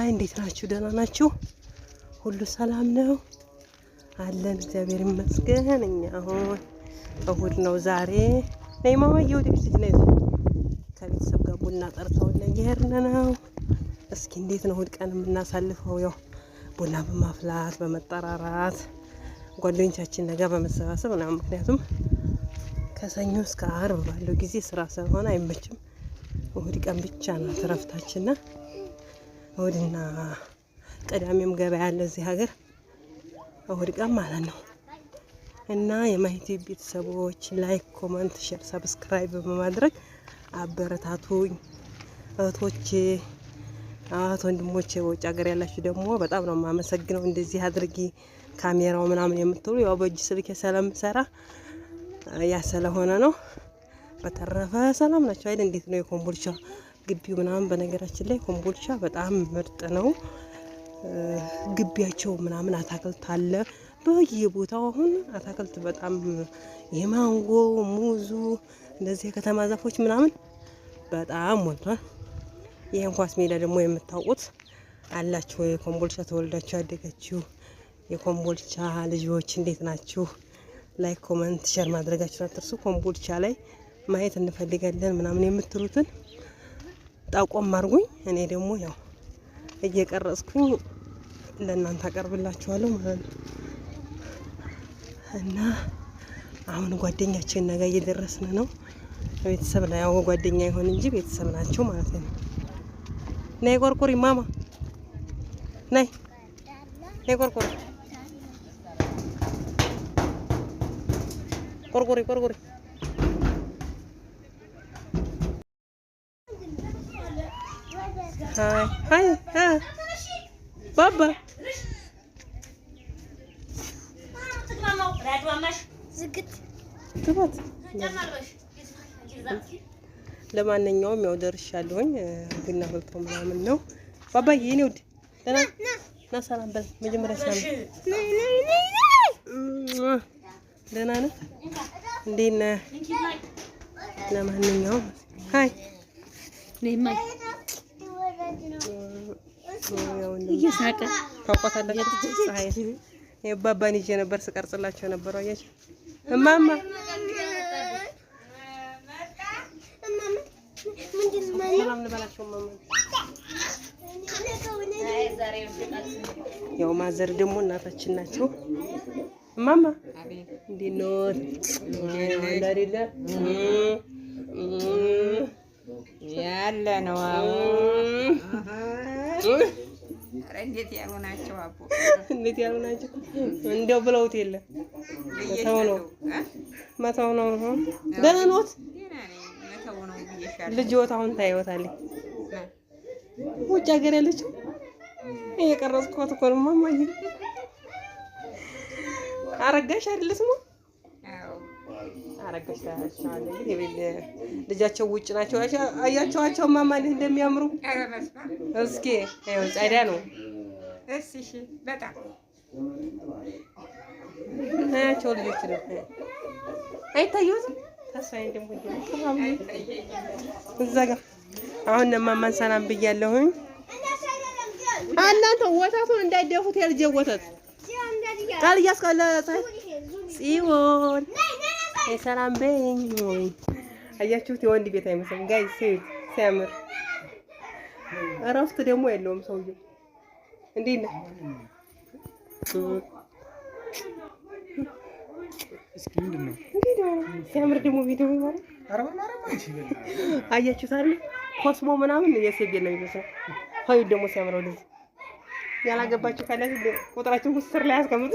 አይ እንዴት ናችሁ? ደህና ናችሁ? ሁሉ ሰላም ነው አለን። እግዚአብሔር ይመስገን። እኛ አሁን እሁድ ነው ዛሬ። ነይ ማማዬ ወደ ቤት ልጅ ነው ከቤተሰብ ጋር ቡና ጠርተውን እየሄድን ነው። እስኪ እንዴት ነው እሁድ ቀን የምናሳልፈው? ያው ቡና በማፍላት በመጠራራት ጓደኞቻችን ነገር በመሰባሰብ ነው። ምክንያቱም ከሰኞ እስከ አርብ ባለው ጊዜ ስራ ስለሆነ አይመችም። እሁድ ቀን ብቻ ነው እረፍታችን። እሁድና ቅዳሜም ገበያ ያለ እዚህ ሀገር እሁድ ቀን ማለት ነው። እና የማይቲ ቤተሰቦች ላይክ፣ ኮመንት፣ ሼር፣ ሰብስክራይብ በማድረግ አበረታቱኝ እህቶቼ፣ እህት ወንድሞቼ፣ በውጭ ሀገር ያላችሁ ደግሞ በጣም ነው የማመሰግነው። እንደዚህ አድርጊ ካሜራው ምናምን የምትሉ ያው በእጅ ስልክ ስለምሰራ ያ ስለሆነ ነው። በተረፈ ሰላም ናቸው አይደል? እንዴት ነው የኮምቦልቻ ግቢው ምናምን። በነገራችን ላይ ኮምቦልቻ በጣም ምርጥ ነው። ግቢያቸው ምናምን አታክልት አለ በየቦታው። አሁን አታክልት በጣም የማንጎ ሙዙ፣ እንደዚህ የከተማ ዛፎች ምናምን በጣም ሞልቷል። ይሄን ኳስ ሜዳ ደግሞ የምታውቁት አላችሁ የኮምቦልቻ ተወልዳችሁ ያደገችው የኮምቦልቻ ልጆች እንዴት ናችሁ? ላይክ ኮመንት ሸር ማድረጋችሁን አትርሱ። ኮምቦልቻ ላይ ማየት እንፈልጋለን ምናምን የምትሉትን ጠቆም አድርጉኝ። እኔ ደግሞ ያው እየቀረጽኩኝ ለእናንተ አቀርብላችኋለሁ ማለት ነው እና አሁን ጓደኛችን ነገ እየደረስን ነው። ቤተሰብ ላይ ያው ጓደኛ ይሆን እንጂ ቤተሰብ ናቸው ማለት ነው። ነይ ቆርቆሪ ማማ፣ ነይ ነይ ቆርቆሪ ቆርቆሪ ቆርቆሪ ባባ ለማንኛውም ያው ደርሻለሁኝ። ቡና ፈልቶ ምናምን ነው ባባዬ፣ የኔ ውድ ና ሰላም በል መጀመሪያ። ሰላም ደህና ነህ? እንዴት ነህ? ለማንኛውም ሀይ እየሳቀ ታውቋታላችሁ። ፀሐይ የአባባን ይዤ ነበር ስቀርጽላቸው ነበረው። አያችሁ እማማ ሰላም ያው ማዘር ደግሞ እናታችን ናቸው። እማማ እንዴት ነዎት? ያለ ነው እንዴት ያሉ ናቸው? አቦ እንዴት ያሉ ናቸው? እንደው ብለውት የለም መተው ነው መተው ነው። ደህና ነዎት? ልጅዎት አሁን ውጭ ሀገር ያለችው እየቀረጽኩት እኮ ነው። ማማዬ አረጋሽ አይደል ስሟ ታረገሽ ልጃቸው ውጭ ናቸው። አያቸዋቸው እንደሚያምሩ እስኪ ጸዳ ነው። እሺ እሺ፣ በጣም አያቸው ልጆች ነው እዛ ጋር አሁን እማማን ሰላም ብያለሁኝ። እናንተ ወተቱን እንዳይደፉት የልጄ ወተት ቃል ጽዮን የሰላም በይኝ አያችሁት? የወንድ ቤት አይመስልም ጋይ ሴት ሲያምር እረፍት ደግሞ የለውም ሰውዬው። እንዴት ነህ? ሲያምር ደግሞ ቪዲዮ ይባላል። አያችሁት አይደል? ኮስሞ ምናምን የሴት ቤት ነው የሚመስለው። ሆይ ደግሞ ሲያምር ወደዚህ ያላገባችሁ ካላችሁ ቁጥራችሁ ስር ላይ አስቀምጡ።